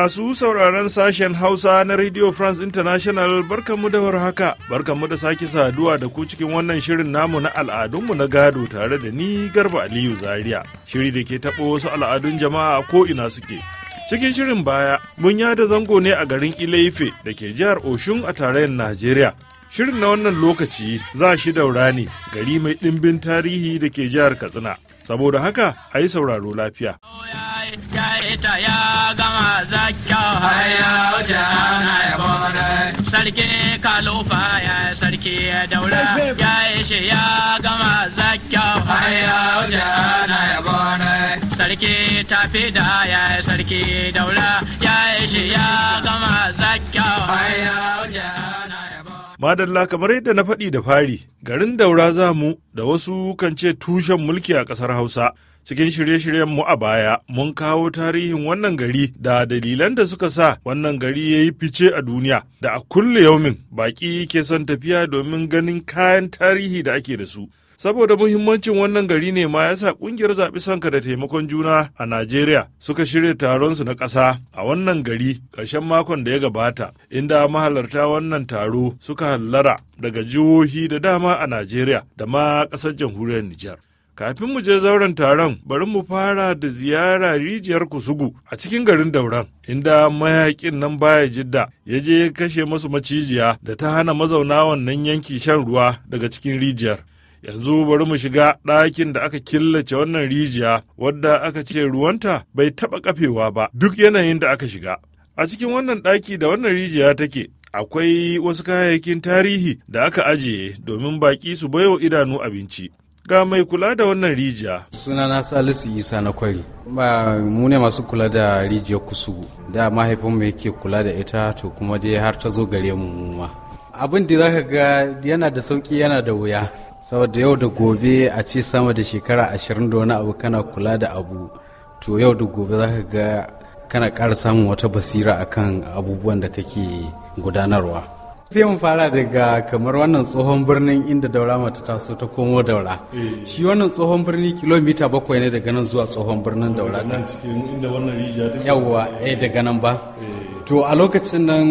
Masu sauraron sashen Hausa na Radio France International barkanmu da war warhaka, barkanmu da sake saduwa da ku cikin wannan shirin namu na al'adunmu na gado tare da ni Garba Aliyu Zaria. Shiri da ke taɓo wasu al'adun jama'a ko ina suke. Cikin shirin baya, mun yada zango ne a garin Ileife da ke jihar Oshun a tarayyar Najeriya. Shirin na wannan lokaci za shi daura ne gari mai ɗimbin tarihi da ke jihar Katsina. Saboda haka, a yi sauraro lafiya. Oh, ita ya gama zakya haya wuce ana ya sarki sarki ya ya ishe ya gama sarki da ya gama Madalla kamar yadda na faɗi da fari, garin daura za mu da wasu kan ce tushen mulki a ƙasar Hausa. cikin shirye shiryen mu a baya mun kawo tarihin wannan gari da dalilan da suka sa wannan gari ya yi fice a duniya da a kulle yaumin baƙi ke son tafiya domin ganin kayan tarihi da ake da su saboda muhimmancin wannan gari ne ma ya sa ƙungiyar zaɓi sanka da taimakon juna a Najeriya suka shirya taron su na ƙasa a wannan gari ƙarshen makon da ya gabata inda mahalarta wannan taro suka hallara daga jihohi da dama a Najeriya da ma ƙasar jamhuriyar Nijar. Kafin mu je zauren taron, bari mu fara da ziyara rijiyar Kusugu a cikin garin Dauran, inda mayakin nan baya jidda ya je ya kashe masu macijiya da ta hana mazauna wannan yanki shan ruwa daga cikin rijiyar. Yanzu bari mu shiga ɗakin da aka killace wannan rijiya wadda aka ce ruwanta bai taɓa ƙafewa ba duk yanayin da aka shiga. A cikin wannan ɗaki da wannan rijiya take, akwai wasu kayayyakin tarihi da aka ajiye domin baƙi su baiwa idanu abinci ga mai kula da wannan rijiya. Sunana Salisu Isa na kwari. mu ne masu kula da rijiyar kusu Da mahaifinmu yake kula da ita to kuma dai har ta zo gare mu ma. Abin da zaka ga yana da sauki yana da wuya. Saboda yau da gobe a ce sama da shekara ashirin da wani abu kana kula da abu. To yau da gobe zaka ga kana ƙara samun wata basira akan abubuwan da kake gudanarwa. sai mun fara daga kamar wannan tsohon birnin inda daura mata taso ta komo daura eh. shi wannan tsohon birni kilomita bakwai ne daga nan zuwa tsohon birnin daura nan cikin inda wannan rijiya ta yawa eh daga nan ba eh. to a lokacin nan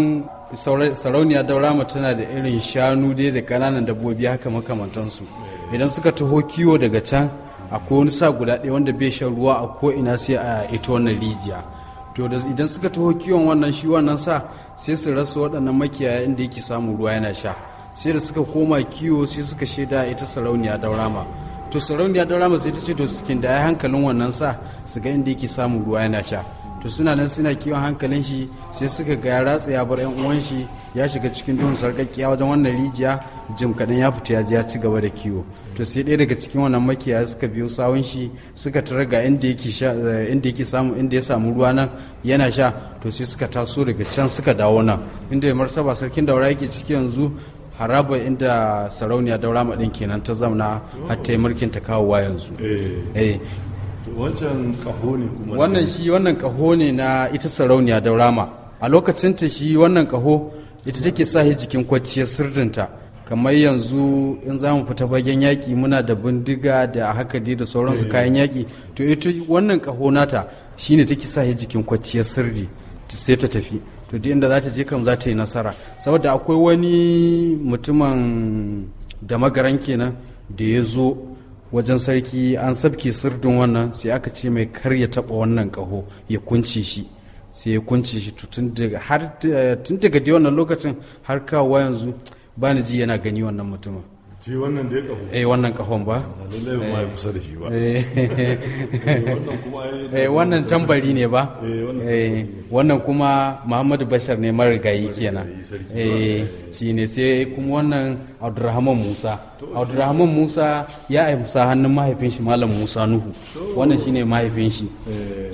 sarauniya daura tana da irin shanu dai da kananan dabbobi haka makamantansu eh. idan suka taho kiwo daga can akwai wani sa guda ɗaya wanda bai shan ruwa a ko ina sai a ita wannan rijiya to idan suka taho kiwon wannan shi wannan sa sai su rasa waɗannan makiyaya inda yake samun ruwa yana sha sai da suka koma kiwo sai suka shaida ita sarauniya daurama to sarauniya daurama sai ta ce to sukin da ya hankalin wannan sa su ga inda yake samun ruwa yana sha to suna nan suna kiwon hankalin shi sai suka ga ya ratsa ya bar yan uwan shi ya shiga cikin duhun sarkakkiya wajen wannan rijiya jim kaɗan ya fita ya je ya ci gaba da kiwo to sai ɗaya daga cikin wannan makiyaya suka biyo sawun shi suka tarar ga inda yake sha eh, inda yake samu inda ya samu ruwa nan yana sha to sai suka taso daga can suka dawo nan inda ya martaba sarkin daura yake ciki yanzu haraba inda sarauniya daura maɗin kenan ta zamna har ta yi mulkin ta kawowa yanzu eh. Eh. wancan kaho ne kuma wannan shi wannan kaho ne na ita sarauniya daurama a lokacin ta shi wannan kaho ita take sa shi jikin kwanciyar sirdinta. kamar yanzu in za mu fita bagen yaƙi muna da bindiga da hakadi da sauransu eh. kayan yaƙi to ita wannan ƙaho nata shine take sa jikin kwaciyar sirri sai ta tafi to duk inda za ta je kam za ta yi nasara saboda akwai wani mutumin da magaran kenan da ya zo wajen sarki an sabke sirdin wannan sai aka ce mai kar ya taba wannan kaho ya kunce shi sai ya kunce shi tun daga eh, tun wannan lokacin har kawo yanzu ba ni ji yana gani wannan mutumin ji wannan da ya kafu eh wannan kahon ba lallai ba mai kusa da shi ba eh. Eh, eh wannan tambari ne ba eh wannan eh, kuma Muhammadu Bashar ne marigayi kenan eh shine sai kuma wannan Abdurrahman Musa Abdurrahman Musa ya aimsa hannun mahaifin shi Malam Musa Nuhu wannan shine mahaifin shi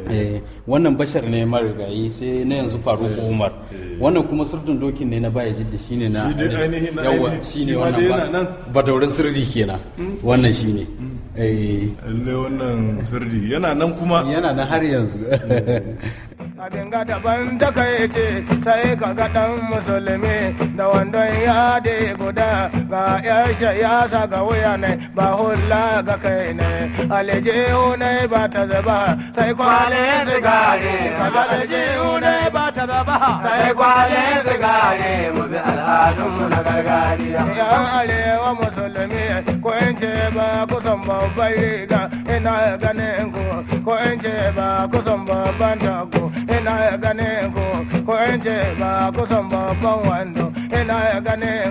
eh wannan Bashar ne marigayi sai na yanzu Faruku Umar Eh. wannan kuma sirrin dokin ne na baya jidda shine na yawa shine wannan ba badaurin sirri kenan hmm. wannan shine hmm. eh wannan sirri yana nan kuma yana nan har yanzu hmm. abin ga daban ta kai ce sai ka ga dan musulmi da wandon ya de guda ga yasha ya sa ga wuya ne ba hulla ga kai ne alije ne ba ta zaba sai kwale sigare ga alije ne ba ta zaba sai kwale sigare mu bi al'adun mu na gargajiya ya wa musulmi ko in ce ba kusan babban riga ina ganin ku ko in ce ba kusan babban tako ina ku ko kusan babban wando ina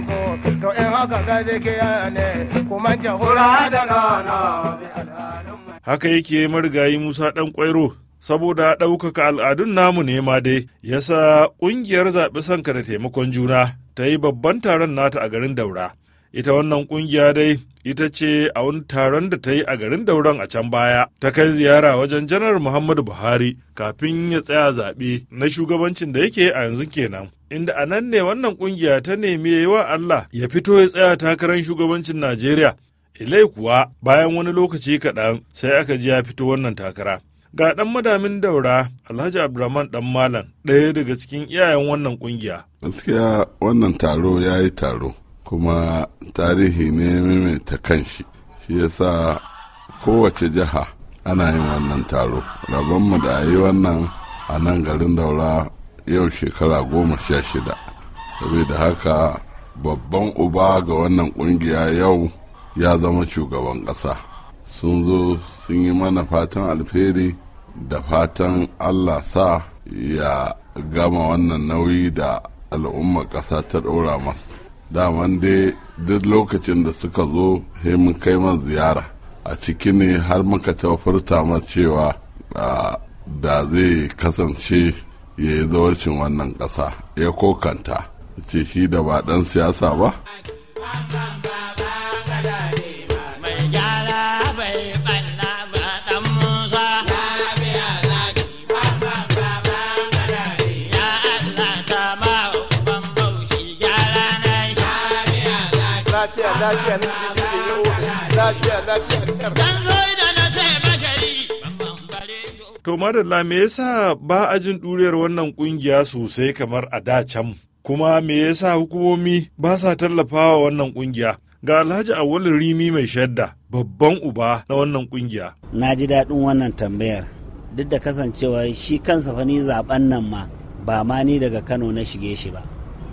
ku to in haka yane kuma hura da haka yake marigayi musa ɗan kwairo saboda ɗaukaka al'adun namu ne ma dai yasa ƙungiyar zaɓi sanka da taimakon juna ta yi babban taron nata a garin daura ita wannan ƙungiya dai ita ce a wani taron da ta yi a garin dauran a can baya ta kai ziyara wajen janar muhammadu buhari kafin ya tsaya zaɓe na shugabancin da yake a yanzu kenan inda a nan ne wannan kungiya ta nemi ya yi allah ya fito ya tsaya takarar shugabancin najeriya ilai kuwa bayan wani lokaci kaɗan sai aka ji ya fito wannan takara ga ɗan madamin daura alhaji abdulrahman ɗan malam ɗaya daga cikin iyayen wannan kungiya gaskiya wannan taro ya yi taro kuma tarihi ne maimaita kanshi shi yasa kowace jiha ana yin wannan taro rabonmu da a yi wannan a nan garin daura yau shekara goma sha shida saboda haka babban uba ga wannan kungiya yau ya zama shugaban ƙasa sun zo sun yi mana fatan alferi da fatan allah sa ya gama wannan nauyi da al'ummar ƙasa ta ɗora masa daman dai duk lokacin da suka zo he mun kai man ziyara a ciki ne har muka furta ma cewa da zai kasance ya yi zawarcin wannan ƙasa ya kokanta ce shi da ba ɗan siyasa ba to madalla me yasa ba a jin duriyar wannan ƙungiya sosai kamar a da can kuma me yasa hukumomi ba sa tallafawa wannan ƙungiya ga Alhaji Awul Rimi mai shadda babban uba na wannan ƙungiya. na ji daɗin wannan tambayar duk da kasancewa shi kansa fa ni zaben nan ma ba ma ni daga Kano na shige shi ba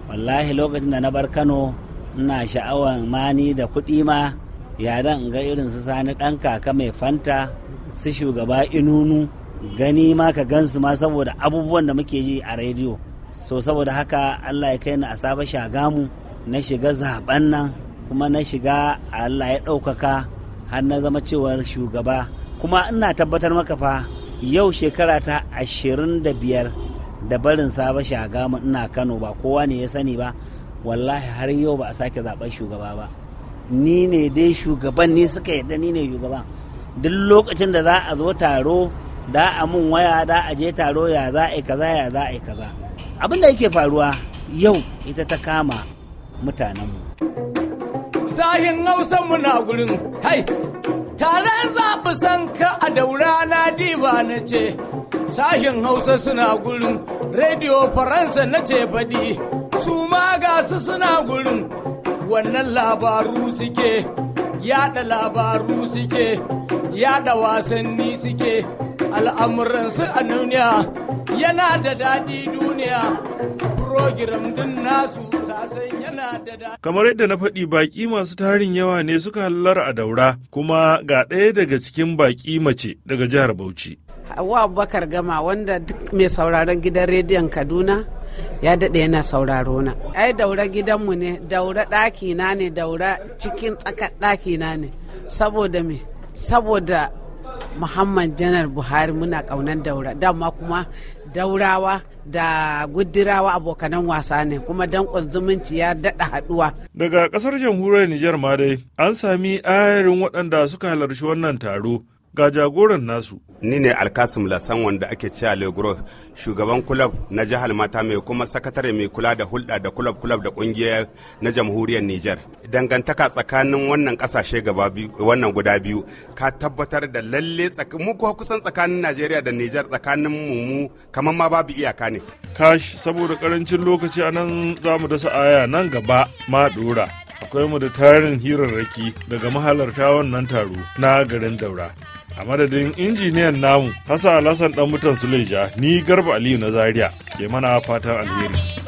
wallahi lokacin da na bar Kano ina sha'awar mani da kuɗi ma yaran in ga irin su sani ɗan kaka mai fanta su shugaba inunu gani ma ka gansu ma saboda abubuwan da muke ji a rediyo so saboda haka allah ya kai ni a saba shagamu na shiga zaben nan kuma na shiga allah ya ɗaukaka har na zama cewar shugaba kuma ina tabbatar maka fa yau shekara ta ashirin da biyar da barin saba shagamu ina kano ba kowa ne ya sani ba wallahi har yau ba a sake zaben shugaba ba ni ne dai shugaban ni suka yadda ni ne shugaban duk lokacin da za a zo taro da a mun waya da a je taro ya za a kaza ya za a kaza abin da yake faruwa yau ita ta kama mutanenmu sahin hausan mu na gurin hai za zaɓi san ka a daura na diba na ce sahin hausa suna gurin rediyo faransa na ce baɗi ga su suna gurin wannan labaru suke yada labaru suke yada wasanni suke al'amuransu a duniya yana da daɗi duniya program din nasu Kamar yadda na faɗi baƙi masu tarin yawa ne suka hallar a daura kuma ga ɗaya daga cikin baƙi mace daga jihar Bauchi. Hawa Abubakar Gama wanda duk mai sauraron gidan rediyon Kaduna ya daɗe yana sauraro na ai daura gidanmu ne daura ɗaki na ne daura cikin tsakar ɗaki na ne saboda me saboda muhammad janar buhari muna ƙaunar daura dama kuma daurawa da gudirawa abokanan wasa ne kuma dan zumunci ya daɗa haɗuwa. Daga ƙasar jamhuriyar Nijar ma dai an sami ayarin waɗanda suka halarci wannan taro ga jagoran nasu. Ni ne Alkasim Lasan wanda ake cewa Legro, shugaban kulab na jihar mata mai kuma sakatare mai kula da hulɗa da kulab kulab da ƙungiyar na jamhuriyar Nijar. Dangantaka tsakanin wannan ƙasashe gaba biyu wannan guda biyu ka tabbatar da lalle mu kuwa kusan tsakanin Najeriya da Nijar tsakanin mu mu kamar ma babu iyaka ne. Kash saboda karancin lokaci a nan za mu dasa aya nan gaba ma ɗora. akwai mu da tarin hirarraki daga mahalarta wannan taro na garin daura a madadin injiniyan namu hasa Alhassan dan mutan Suleja ni Garba Aliyu na Zaria ke mana fatan alheri